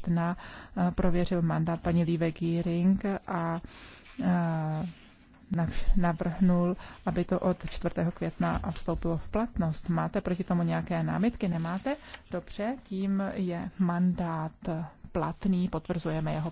května eh, prověřil mandát paní Líve Gíring a eh, navrhnul, aby to od 4. května vstoupilo v platnost. Máte proti tomu nějaké námitky? Nemáte? Dobře, tím je mandát platný, potvrzujeme jeho